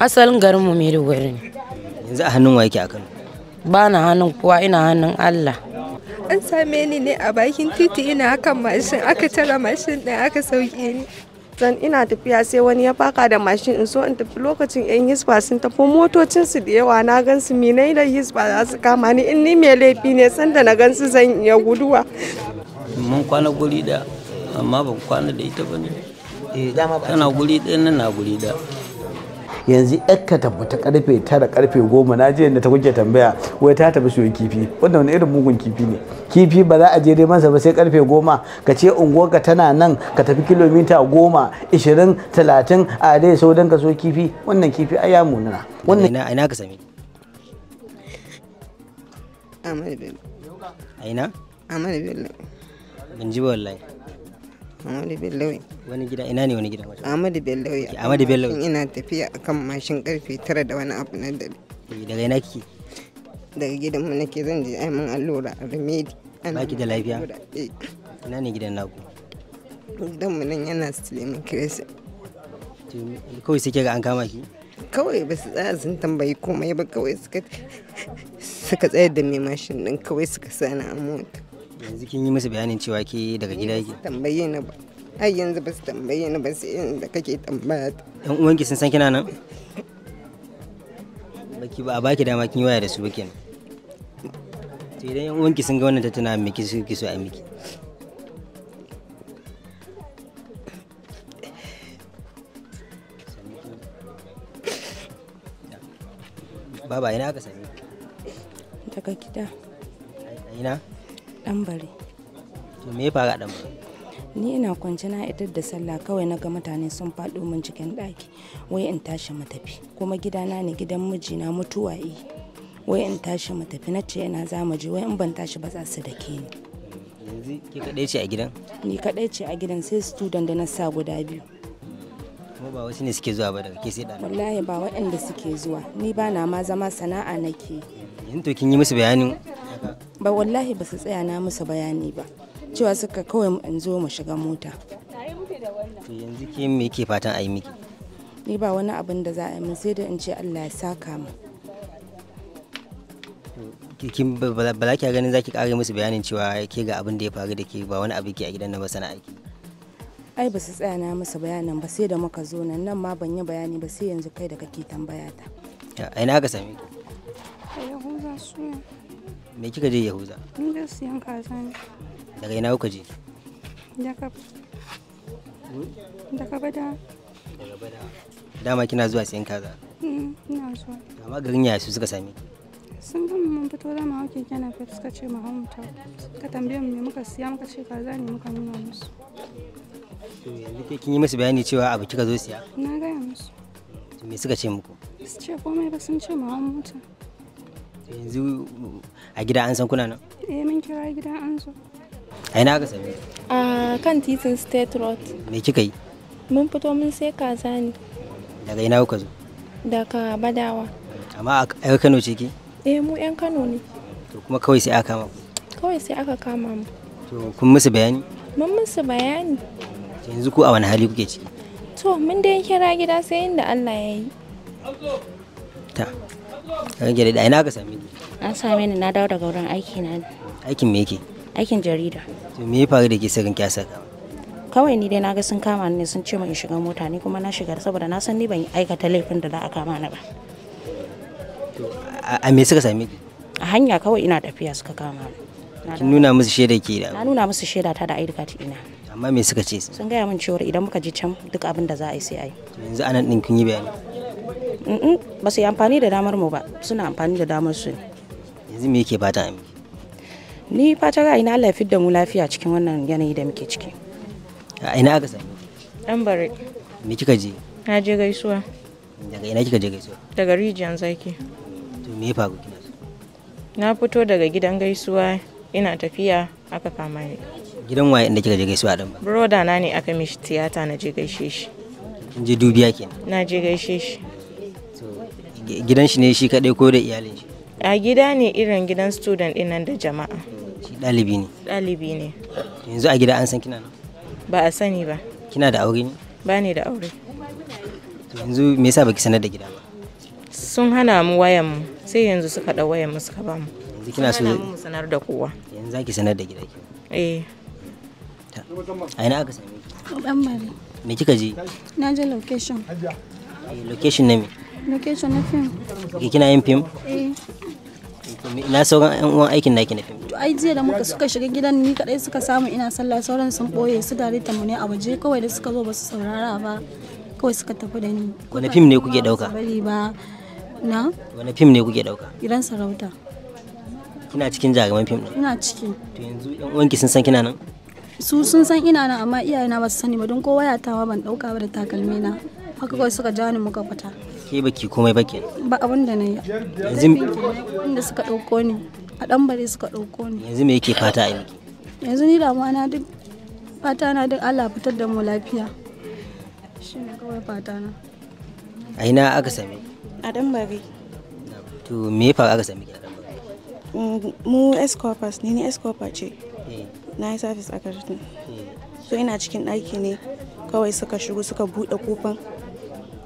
asalin garin mu Maiduguri ne yanzu a hannun wa yake a Kano ba na hannun kowa ina hannun Allah an same ni ne a bakin titi ina hakan mashin aka tara mashin ɗin aka sauke ni zan ina tafiya sai wani ya faka da mashin in so in tafi lokacin yan hisba sun tafi motocin su da yawa na gan su mina da hisba za su kama ni in ni mai laifi ne sanda na gan su zan iya guduwa mun kwana guri da amma ban kwana da ita bane eh dama ba tana guri ɗaya na guri da yanzu ka tabbata karfe tara karfe goma na je da ta kuke tambaya wai ta tafi siyo kifi wanda wani irin mugun kifi ne kifi ba za a je neman sa ba sai karfe goma ka ce unguwarka tana nan ka tafi kilomita goma ishirin talatin a dai sau don ka so kifi wannan kifi a ya munana wannan ina ka sami aina aina bello ban ji ba wallahi Amadu Bello. Wani gida ina ne wani gida? Amadu Bello. Amadu Bello. Ina tafiya akan mashin karfe tara da wani abu na dare. Eh, daga ina kike? Daga gidan mu nake zan je ai mun allura a remedy. Baki da lafiya? Eh. Ina ne gidan naku? Gidan mu nan yana Suleiman Kiresi. Kawai sai ga an kama ki? Kawai ba su tsaya sun tambayi komai ba kawai suka suka tsayar da mai mashin din kawai suka sani a mota. yanzu kin yi musu bayanin cewa ke daga gida yake tambaye ni ba ai yanzu ba su tambaye ni ba sai yanzu kake tambaya uwan ki sun san kina nan baki ba a baki dama kin waya da su ba kenan to idan yan ki sun ga wannan tattauna tana miki su ki so a miki baba ina ka sami daga gida ina dan bare to me ya faru a dan bare ni ina kwance na idar da sallah kawai na ga mutane sun faɗo min cikin ɗaki wai in tashi mu tafi kuma gidana ne gidan mijina mutuwa yi wai in tashi mu tafi na ce ina za mu je wai in ban tashi ba za su da ke ni yanzu ke kaɗai ce a gidan ni kaɗai ce a gidan sai student da na sa guda biyu kuma ba wasu ne suke zuwa ba daga ke sai ɗana wallahi ba waɗanda suke zuwa ni ba na ma zama sana'a nake yanzu to kin yi musu bayanin ba wallahi ba su tsaya na musu bayani ba cewa suka kawai in zo mu shiga mota yanzu ke me ke fatan a yi miki ni ba wani abin da za a yi min sai da in ce Allah ya saka mu kin ba za ki ganin za ki kare musu bayanin cewa ke ga abin da ya faru da ke ba wani abu ke a gidan na ba sana aiki ai ba su tsaya na musu bayanin ba sai da muka zo nan nan ma ban yi bayani ba sai yanzu kai da kake tambaya ta ai na ga same ki me kika je yahuza ni da siyan kaza ne daga ina kuka je daga hmm? daga bada daga bada dama kina zuwa siyan kaza hmm, ina zuwa amma garin yaya su suka sami sun bi mun fito da mawa ke kana fa suka ce mu hau ta ka tambaye mu me muka siya muka ce kaza ne muka nuna musu to yanzu ke kin yi musu bayani cewa abu kika zo siya na gaya musu me suka ce muku su ce komai ba sun ce mu hau mota yanzu a gida an san kuna nan eh mun kira gida an so a ina ka same a kan titin state road me kika yi mun fito mun sai kaza ne daga ina kuka zo daga badawa amma a kano ce ke eh mu yan kano ne to kuma kawai sai aka kama kawai sai aka kama mu to kun musu bayani mun musu bayani yanzu ku a wani hali kuke ciki to mun dai kira gida sai inda Allah ya yi ta Ran gari da ina ka same ni? An same ni na dawo daga wurin aiki na. Aikin me yake? Aikin jarida. To me ya faru da ke sakin kya saka. Kawai ni dai na ga sun kama ni sun ce min in shiga mota ni kuma na shiga saboda na san ni ban aikata laifin da za a kama ni ba. To a me suka same ki? A hanya kawai ina tafiya suka kama ni. Kin nuna musu shaida ke da? Na nuna musu shaida ta da ID card ina. Amma me suka ce? Sun gaya min cewa idan muka je can duk abin da za a yi sai a yi. Yanzu anan din kun yi bayani. ba su yi amfani da damar mu ba suna amfani da damar su ne yanzu me yake ta a ni fata ga ina Allah ya fidda mu lafiya cikin wannan yanayi da muke ciki a ina aka sami dan bare me kika je na je gaisuwa daga ina kika je gaisuwa daga region zaki to me ya faru kina na fito daga gidan gaisuwa ina tafiya aka kama ni gidan waye inda kika je gaisuwa dan ba broda na ne aka mishi tiyata na je gaishe shi in je dubiya kenan na je gaishe shi gidan shi ne shi kaɗai ko da iyalin shi a gida ne irin gidan student ɗin nan da jama'a shi ɗalibi ne ɗalibi ne yanzu a gida an san kina nan ba a sani ba kina da aure ne ba ne da aure yanzu me yasa baki sanar da gida ba sun hana mu wayan mu sai yanzu suka ɗau wayan mu suka ba mu yanzu kina so mu sanar da kowa yanzu zaki sanar da gida eh a ina aka same ki dan me kika je na je location location na me Location na fim. Kina yin fim? Eh. Ina sauran yan uwan aikin naki na fim. To ai jiya da muka suka shiga gidan ni kadai suka samu ina sallah sauran sun boye su dare ta mu ne a waje kawai da suka zo ba su saurara ba. Kawai suka tafi da ni. Wani fim ne kuke dauka? Bari ba. Na? Wani fim ne kuke dauka? Gidan sarauta. Kina cikin jagaman fim din? Ina ciki. To yanzu yan uwanki sun san kina nan? su sun san ina nan amma iyayena ba su sani ba don ko wayatawa ban dauka ba da takalmina haka kawai suka ja ni muka fita ke baki komai baki ba abin da na yi yanzu inda suka dauko ni a dan bare suka dauko ni yanzu me yake fata a miki yanzu ni damuwa na duk fata na duk Allah fitar da mu lafiya shine kawai fata na a ina aka same a dan bare to me ya faru aka same ki a dan mm, mu escorpers ni ne escorper ce eh. na yi service a karton eh. so ina cikin ɗaki ne kawai suka shigo suka buɗe kofan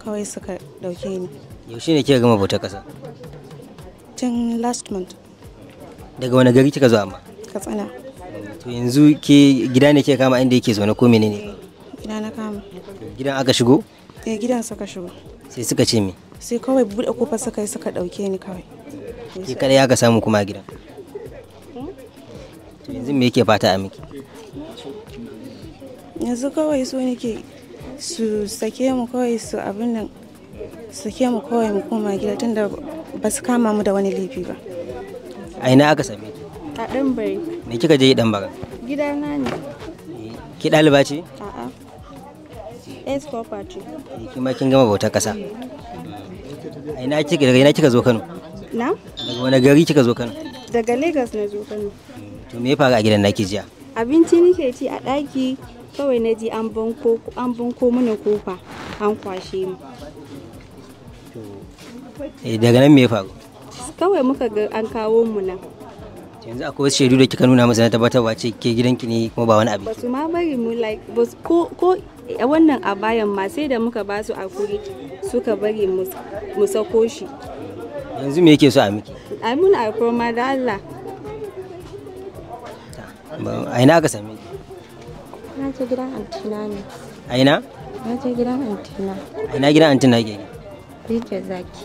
kawai suka dauke ni yaushe ne kika gama bautar kasa tun last month daga wani gari kika zo amma katsina to yanzu ke gida ne kika kama inda yake zaune ko menene eh, gida na kama gidan aka shigo eh gidan suka shigo sai suka ce me sai kawai buɗe kofar suka yi suka dauke ni kawai ke kada ya ka samu kuma gidan hmm? to yanzu me yake fata a miki yanzu kawai so nake su sake mu kawai su abin nan sake mu kawai mu koma gida tunda ba su kama mu da wani laifi ba a ina aka same a dan bari me kika je dan gida na ne ki ɗaliba ce a'a es ko ce eh, ki ma kin gama bautar kasa a ina kika daga ina kika zo Kano na daga wani gari kika zo Kano daga Lagos na zo Kano to me ya faru a gidan naki jiya abinci nake ci a ɗaki kawai na ji an banko mana kofa an kwashe mu eh, daga nan me ya faru kawai muka ga an kawo mu nan yanzu akwai wasu shaidu da kika nuna masa na tabbatarwa ce ke gidanki ne kuma ba wani abu ba su ma bari mu like ko ko wannan a bayan ma sai da muka ba su akuri suka bari mu sako shi yanzu me yake so a miki ai mun alfarma da Allah a ina aka same ki Na je gidan antina ne. A ina? Na je gidan antina. A ina gidan antina ke? Rijiyar zaki.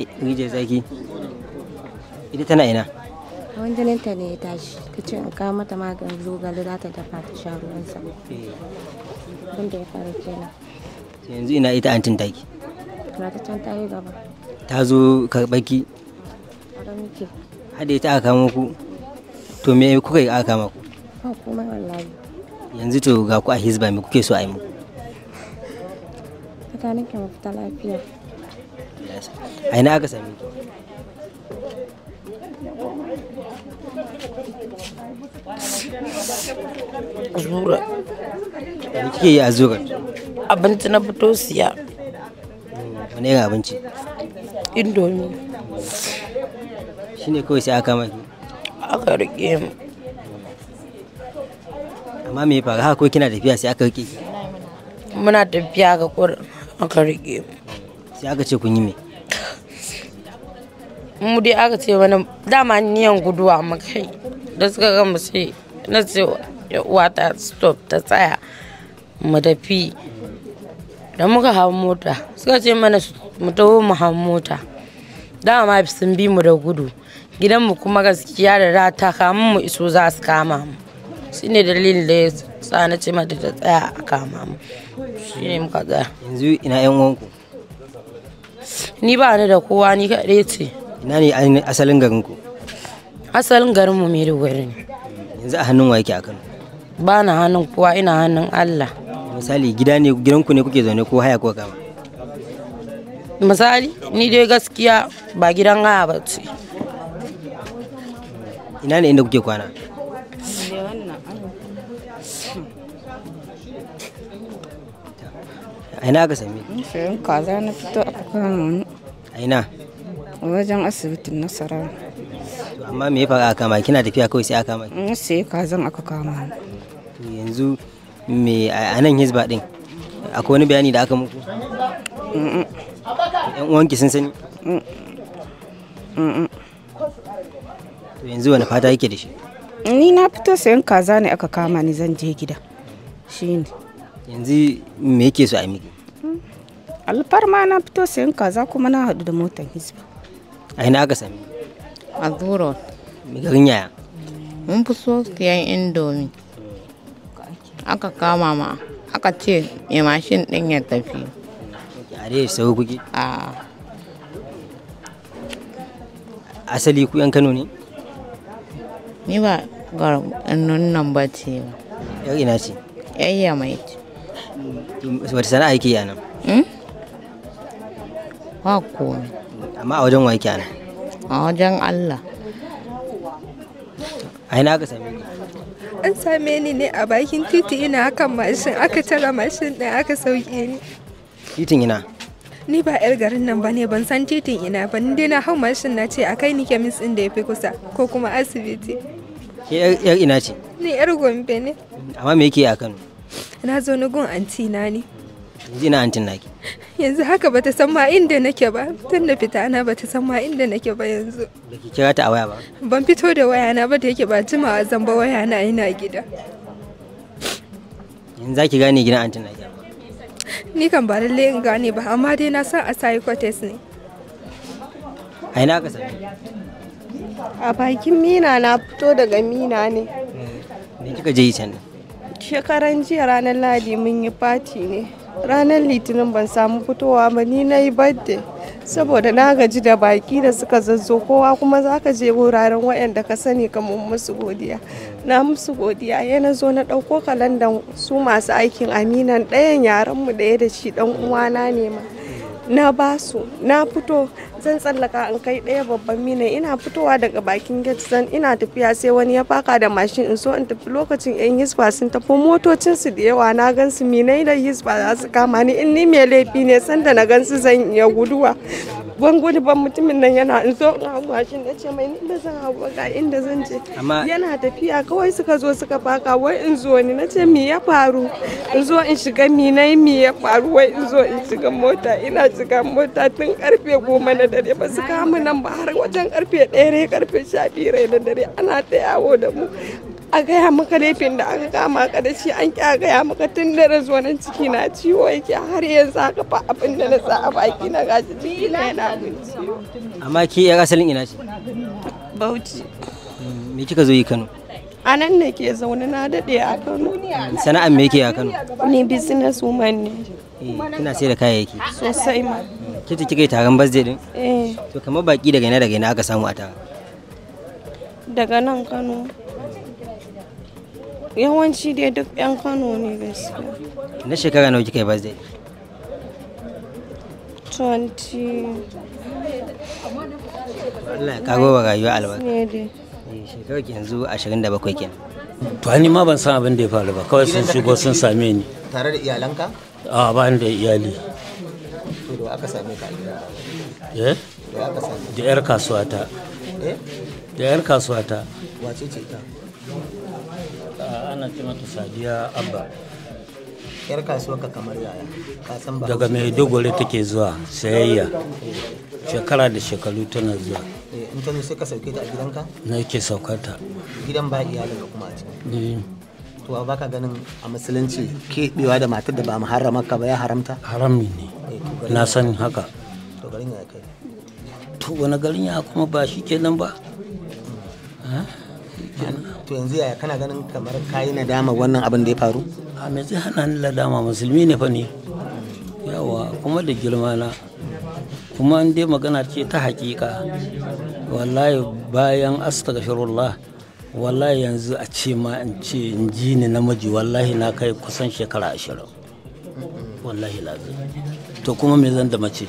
Eh, Rijiyar zaki? Ita tana ina? Hawan jinin ta ne ya tashi. Ka ce in kawo mata maganin zogale za ta dafa ta sha ruwansa. Eh. Abin da ya faru kenan. Yanzu ina ita antin take? Ba ta can ta yi gaba. Ta zo karɓaki? Ƙwarar muke. Hade ta aka kama ku? To me kuka yi aka maku. ku? Ba komai wallahi. yanzu to ga ku a hizba me kuke so a yi muku tsakanin ke mafita lafiya a ina aka sami ki zura me kike yi a zura abinci na fito siya wani ga abinci indomi shine kawai sai aka maki aka rike mu amma me fara haka ko kina tafiya sai aka rike muna tafiya ga kur aka rike sai aka ce kun yi me mu dai aka ce wani dama niyan guduwa makai da suka ga mu sai na ce wata stop ta tsaya mu tafi da muka hau mota suka ce mana mu taho mu hau mota dama sun bi mu da gudu gidanmu kuma gaskiya da rata kamun mu iso za su kama mu ne dalilin da ya sa na ce mata ta tsaya a kama mu ne muka tsaya yanzu ina yan wanku ni ba ni da kowa ni kaɗai ce ina ne asalin garin ku asalin garin mu mai maiduguri ne yanzu a hannun wa yake a kano ba na hannun kowa ina hannun allah misali gida ne ku ne kuke zaune ko haya ko kama misali ni dai gaskiya ba gidan haya ba ce ina ne inda kuke kwana aina ina ka sami sayan kaza na fito a kama a Aina. wajen asibitin nasara amma me ya faru a kama kina tafiya kawai sai a kama ki sai kazan aka kama to yanzu me a nan hizba din akwai wani bayani da aka muku yan uwanki sun sani to yanzu wani fata yake da shi ni na fito sayan kaza ne aka kama ni zan je gida shine yanzu me yake so a miki alfarma na fito sayan kaza kuma na haɗu da motar hizba a ina aka sami a zuro me garin yaya mun fi so siyan indomi aka kama ma aka ce ya mashin ɗin ya tafi a dai sau kuke a asali ku yan kano ne ni ba ga nan ba ce ba yau ina ce yayya mai ce wata sana'a yake yana eh? ba komi. amma a wajen wake yana a wajen allah a ina aka same ki an same ni ne a bakin titi ina hakan mashin aka tara mashin ɗin aka sauke ni titin ina ni ba 'yar garin nan ba ne ban san titin ina ba ni dai na hau mashin na ce a kai ni kemis ɗin da ya fi kusa ko kuma asibiti ke 'yar ina ce ni 'yar gombe ne amma me yake a kano na zo na gun anti na ne ina na naki yanzu haka bata san ma inda nake ba tun da fita ana bata san ma inda nake ba yanzu baki kira ta a waya ba ban fito da waya na ba da yake ba jimawa zan ba waya na ina gida yanzu zaki gane gidan na naki ni kan ba lalle in gane ba amma dai na san a kwates ne a ina ka sani a bakin mina na fito daga mina ne eh, me kika je can ne shekaran jiya ranar ladi mun yi fati ne ranar litinin ban samu fitowa ba ni na yi birthday saboda na gaji da baki da suka zazzo kowa kuma za ka je wuraren waɗanda ka sani kamar musu godiya na musu godiya ya na zo na ɗauko kalandan su masu aikin aminan ɗayan yaranmu ɗaya da shi ɗan uwana ne ma na basu na fito zan tsallaka an kai ɗaya babban mina ina fitowa daga bakin gate zan ina tafiya sai wani ya faka da mashin in so in tafi lokacin yan hisba sun tafi motocin su da yawa na gan su minai da hisba za su kama ni in ni mai laifi ne sanda na gan su zan iya guduwa ban ban mutumin nan yana in so in hagu mashin na ce mai ni ba zan hau ga inda zan je yana tafiya kawai suka zo suka faka wai in zo ni na ce mi ya faru in zo in shiga mi na mi ya faru wai in zo in shiga mota ina shiga mota tun karfe goma na dare ba su kama nan ba har wajen karfe ɗaya ne karfe sha biyu na dare ana ta yawo da mu a gaya maka laifin da aka kama ka da shi an kya gaya maka tun da razo nan ciki na ciwo yake har yanzu aka fa abin da na sa a baki na gashi ciki na yana min ciwo amma ki ya asalin ina ce bauchi mm, me kika zo yi Kano a nan ne ke zaune na daɗe a Kano sana'an me yake a Kano ni business woman ne eh, kina sai da kayayyaki sosai ma mm, kita kika yi taron birthday din eh to kamar baki daga ina daga ina aka samu a ta daga nan Kano yawanci dai duk 'yan kano ne gaskiya na shekara nawa kika yi zai 20 Allah ya karo wa rayuwa albarka eh, shekarar yanzu 27 kenan to ni ma ban san abin da ya faru ba kawai sun shigo sun same ni tare da iyalanka a ba da iyali to da aka same ka eh da aka same da yar kasuwa ta eh da yar kasuwa ta wace ce ta ana ce mata sadiya abba yar kasuwa ka kamar yaya ka san ba daga mai maiduguri take zuwa sayayya shekara da shekaru tana zuwa eh, in ta sai ka sauke ta a gidanka na yake saukar ta gidan ba iyalin ka kuma a cikin eh. to ba ka ganin a musulunci keɓewa da matar da ba mu harrama ka ba ya haramta harami ne eh, na san haka to garin ya kai to wani garin ya kuma ba shi kenan ba hmm. ah, to yanzu yaya kana ganin kamar kayi na dama wannan abin da ya faru a mai zai hana ni dama musulmi ne fa ne yawa kuma da girma na kuma an dai magana ce ta hakika wallahi bayan astaghfirullah wallahi yanzu a ce ma in ce in ji ni namiji wallahi na kai kusan shekara ashirin wallahi lafiya to kuma me zan da mace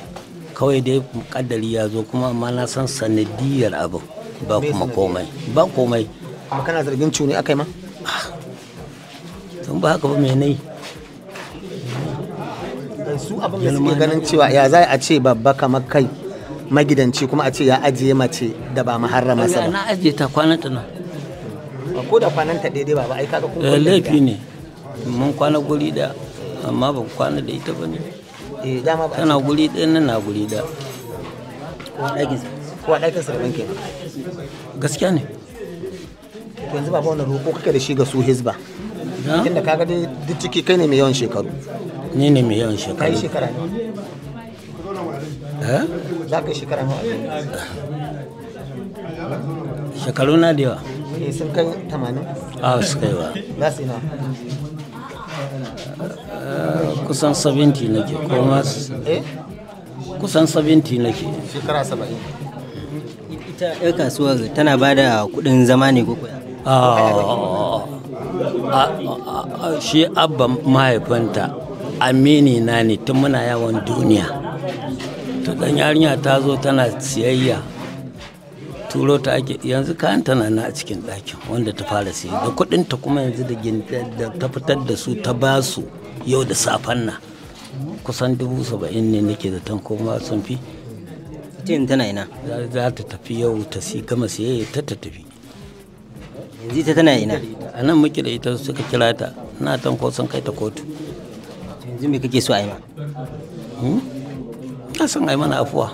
kawai dai kaddari ya zo kuma amma na san sanadiyar abu ba kuma komai ba komai amma kana zargin cuni akai ma tun ba haka ba me nayi su abin da suke ganin cewa ya za a ce babba kamar kai magidanci kuma a ce ya ajiye mace da ba maharrama sa ba na ajiye ta kwanan ta nan ko da kwanan ta daidai ba ai kaga kun eh, laifi ne mun kwana guri da amma ba kwana da ita ba ne eh dama ba tana guri da nan na guri da ko a ɗakin sa ko a ɗakin sa da gaskiya ne yanzu ba wani roƙo kake da shi ga su hizba tunda ka ga duk ciki kai ne mai yawan shekaru ni ne mai yawan shekaru kai shekara ne eh za ka shekara ma shekaru na da yawa eh sun kai 80 ah su kai wa na sai na eh, kusan 70 nake ko ma eh? kusan 70 nake shekara 70 ita 'yar kasuwar tana ba da kudin zama ne ko kuwa Oh. shi abba mahaifinta amini na ne tun muna yawon duniya ta dan yarinya ta zo tana siyayya turo ta ake yanzu kayan tana na a cikin ɗakin wanda ta fara siya da ta kuma yanzu da ta fitar da su ta ba su yau da safen nan kusan dubu saba'in ne nake da tan koma sun fi tana ina za ta tafi yau ta si gama siyayya ta ta tafi ita tana ina a nan muke da ita suka kira ta na ko sun kai ta kotu yanzu me kake so a yi ma ka hmm? san ai mana afuwa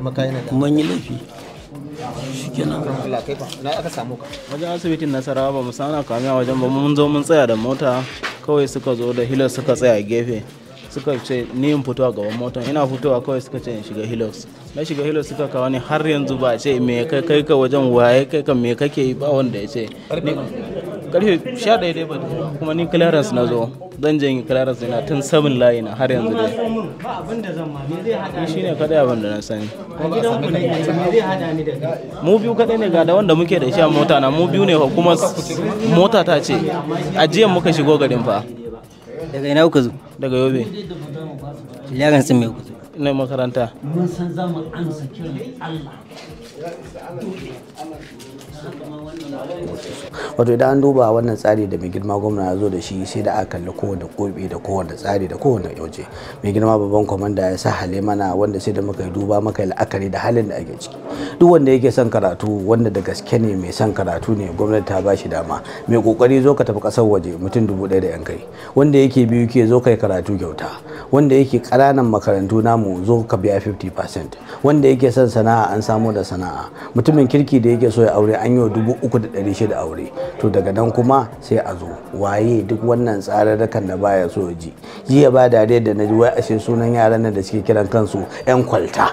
mun yi laifi shikenan na aka samu ka wajen asibitin nasarawa ba mu sana kamiya wajen ba mun zo mun tsaya da mota kawai suka zo da hilar suka tsaya gefe suka ce ni in fito a gaban motan ina fitowa kawai suka ce in shiga hilux na shiga hilux suka kawo ni har yanzu ba ce me kai kai ka wajen waye kai ka me kake yi ba wanda ya ce karfe 11 dai ba kuma ni clearance na zo zan je clearance ina tun sabin layi na har yanzu dai ba abin da zan ma me zai hada shi ne kadai abin da na sani ne mu biyu kadai ne ga da wanda muke da shi a mota na mu biyu ne kuma mota ta ce a jiya muka shigo garin fa daga ina kuka zo daga yobe yaran sun mai kuzo ina makaranta mun san za mu amsa kiran Allah wato idan an duba wannan tsari da mai girma gwamna ya zo da shi sai da aka kalli kowane kobe da kowane tsari da kowane yauje mai girma babban kwamanda ya sa hale mana wanda sai da muka yi duba maka yi la'akari da halin da ake ciki duk wanda yake son karatu wanda da gaske ne mai son karatu ne gwamnati ta ba shi dama mai kokari zo ka tafi kasar waje mutum dubu ɗaya da yan kai wanda yake biyu ke zo kai karatu kyauta wanda yake ƙananan makarantu namu zo ka biya 50% wanda yake son sana'a an samo da sana'a mutumin kirki da yake so ya aure an yi dubu uku da ɗari shida aure to daga nan kuma sai a zo waye duk wannan tsarin da baya so ya ji jiya ba dare da na ji wai ashe sunan yaran da suke kiran kansu 'yan kwalta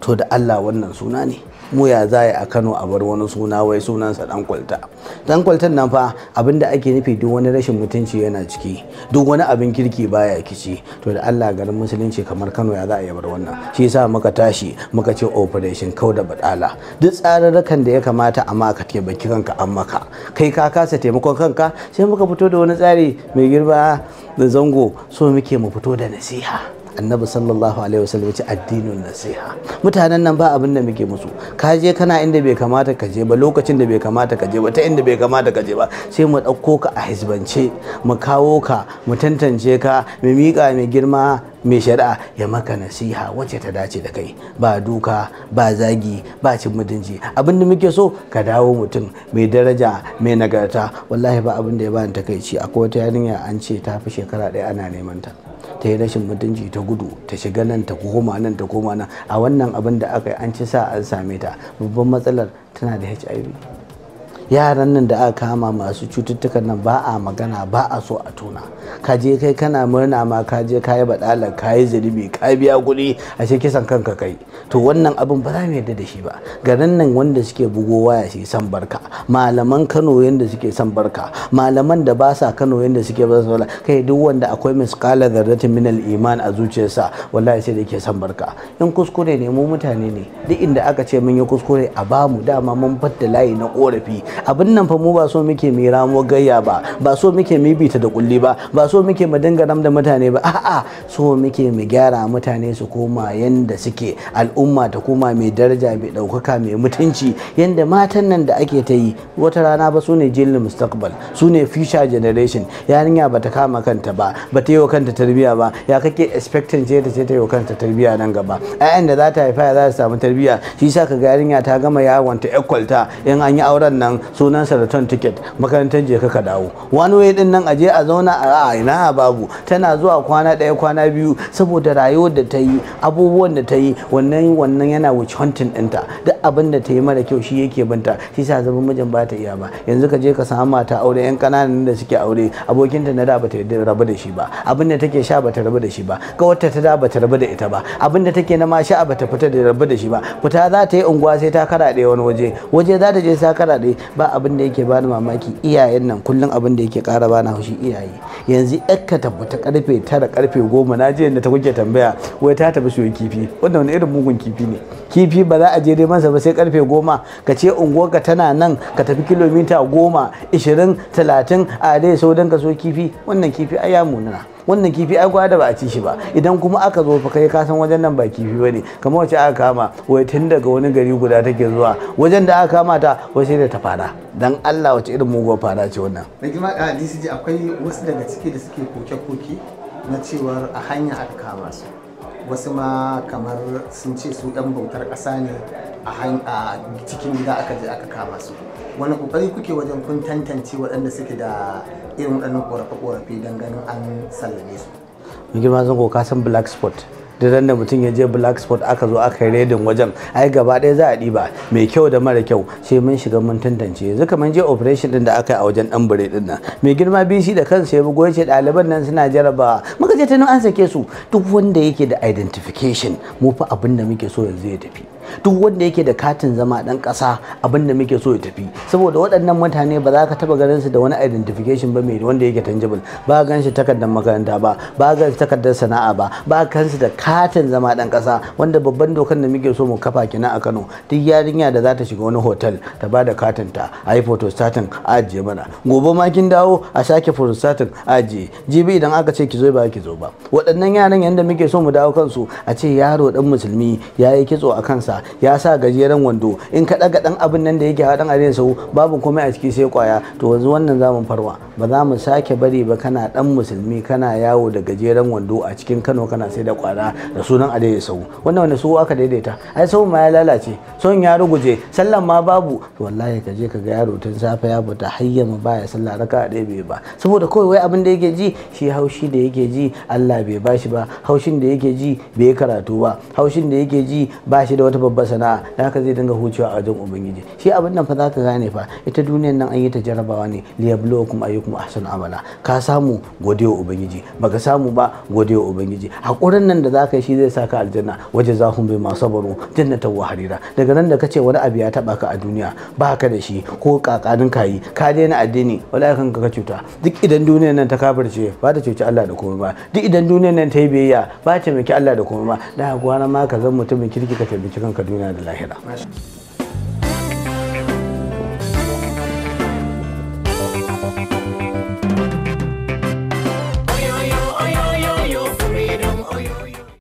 to da allah wannan suna ne mu ya za a Kano a bar wani suna wai sunansa dan kwalta dan kwaltan nan fa abin da ake nufi duk wani rashin mutunci yana ciki duk wani abin kirki baya kici to da Allah garin musulunci kamar Kano ya za a bar wannan shi yasa muka tashi muka ce operation kau da badala duk tsararrakan da ya kamata a maka baki kanka an maka kai ka kasa taimakon kanka sai muka fito da wani tsari mai girba da zango so muke mu fito da nasiha annabi sallallahu alaihi wasallam ya ce addinin nasiha mutanen nan ba abin da muke musu ka je kana inda bai kamata ka je ba lokacin da bai kamata ka je ba ta inda bai kamata ka je ba sai mu ɗauko ka a hizbance mu kawo ka mu tantance ka mu miƙa mai girma mai shari'a ya maka nasiha wacce ta dace da kai ba duka ba zagi ba cin mutunci abin da muke so ka dawo mutum mai daraja mai nagarta wallahi ba abin da ya bani takaici akwai wata yarinya an ce ta fi shekara ɗaya ana neman ta ta yi rashin mutunci ta gudu ta shiga nan ta koma nan ta koma nan a wannan abin da aka yi an ci sa an same ta babban matsalar tana da hiv yaran nan da aka kama masu cututtukan nan ba a magana ba a so a tona ka je kai kana murna ma ka je ka yi badala ka yi zunubi ka biya kuɗi a ce kisan kanka kai to wannan abin ba za mu yarda da shi ba garin nan wanda suke bugo waya shi san barka malaman Kano yanda suke san barka malaman da ba sa Kano yanda suke ba sa kai duk wanda akwai misqala min al iman a zuciyarsa wallahi sai da yake san barka in kuskure ne mu mutane ne duk inda aka ce mun yi kuskure a bamu dama mun fadda layi na korafi abin nan fa mu ba so muke mai ramo gayya ba ba so muke mai bita da kulli ba ba so muke mu dinga da mutane ba a'a so muke mu gyara mutane su koma yanda suke al'umma ta koma mai daraja mai ɗaukaka mai mutunci yanda matan nan da ake ta yi wata rana ba su ne jillin mustaqbal su future generation yarinya ba ta kama kanta ba ba ta yi wa kanta tarbiyya ba ya kake expecting ce ta ce ta yi wa kanta tarbiyya nan gaba 'Yayan da za ta haifa za ta samu tarbiyya shi sa ka ga yarinya ta gama yawon ta ekwalta in an yi auren nan sunan return ticket makarantar je ka dawo wani way din nan aje a zauna a ina babu tana zuwa kwana daya kwana biyu saboda rayuwar da ta yi abubuwan da ta yi wannan wannan yana witch hunting dinta, duk abin da ta yi mara kyau shi yake binta shi sa zama mijin ba ta iya ba yanzu ka je ka samu mata aure yan kananan da suke aure abokinta na da ba ta rabu da shi ba abin da take sha ba ta rabu da shi ba kawarta ta da ba ta rabu da ita ba abin da take na ma sha ba ta fita da rabu da shi ba fita za ta yi unguwa sai ta karaɗe wani waje waje za ta je ta ba abin da yake bani mamaki iyayen nan kullum abin da yake kara bani haushi iyaye yanzu yakka ta karfe tara karfe goma na je da ta kuke tambaya wai ta tafi siyo kifi wanda wani irin mugun kifi ne kifi ba za a je dai masa ba sai karfe goma ka ce unguwarka tana nan ka tafi kilomita goma ishirin talatin a dai sau don ka so kifi wannan kifi ai ya munana wannan kifi ai da ba a ci shi ba idan kuma aka zo fa kai ka san wajen nan ba kifi bane kamar wace aka kama wai tun daga wani gari guda take zuwa wajen da aka kama ta wace da ta fara dan Allah wace irin muguwar fara ce wannan da kuma a DCG akwai wasu daga ciki da suke koke-koke na cewar a hanya aka kama su wasu ma kamar sun ce su ɗan bautar ƙasa ne a cikin gida aka je aka kama su wani kokari kuke wajen kun tantance waɗanda suke da irin waɗannan ƙorafe-ƙorafe don ganin an sallame su. girma zango ka san black spot da ran da mutum ya je black spot aka zo aka yi redin wajen ai gaba ɗaya za a ɗiba mai kyau da mara kyau sai mun shiga mun tantance yanzu kamar je operation din da aka yi a wajen dan bure din nan mai girma bc da kansa ya bugo yace ɗaliban nan suna jarabawa muka je ta an sake su duk wanda yake da identification mu fa abin da muke so yanzu ya tafi duk wanda yake da katin zama dan kasa abin da muke so ya tafi saboda waɗannan mutane ba za ka taba ganin su da wani identification ba mai wanda yake tangible ba gan shi takardar makaranta ba ba gan shi takardar sana'a ba ba kan su da katin zama dan kasa wanda babban dokar da muke so mu kafa kina a Kano duk yarinya da za ta shiga wani hotel ta ba da katin ta a yi photostatin a ajiye mana gobe ma kin dawo a sake photostatin a ajiye jibi idan aka ce ki zo ba ki zo ba waɗannan yaran yanda muke so mu dawo kansu a ce yaro dan musulmi ya yi kitso a kansa ya sa gajeren wando in ka ɗaga ɗan abin nan da yake hadan a su babu komai a ciki sai kwaya to yanzu wannan za farwa ba za mu sake bari ba kana ɗan musulmi kana yawo da gajeren wando a cikin kano kana sai da kwara da sunan a sau wannan wanda su aka daidaita ai sau ma ya lalace son ya ruguje sallan ma babu to wallahi ka je ka ga yaro tun safe ya bata hayya mu baya sallah raka a bai ba saboda kawai wai abin da yake ji shi haushi da yake ji Allah bai bashi ba haushin da yake ji bai karatu ba haushin da yake ji bashi da wata babbar sana'a da haka zai dinga hucewa a wajen ubangiji shi abin nan fa za ka gane fa ita duniyar nan an yi ta jarabawa ne liyabluwakum ayyukum ahsanu amala ka samu gode wa ubangiji baka samu ba gode wa ubangiji hakurin nan da za ka yi shi zai sa ka aljanna waje za hun bai ma sabaru wa harira daga nan da kace wani abu ya taba ka a duniya ba ka da shi ko kakanin kayi ka daina addini wallahi kanka ka cuta duk idan duniyar nan ta kafirce ba ta cuci Allah da komai ba duk idan duniyar nan ta yi biyayya ba ta miki Allah da komai ba da gwana ma ka zan mutumin kirki ka tabbici kan كدنيا للآخرة ماشي.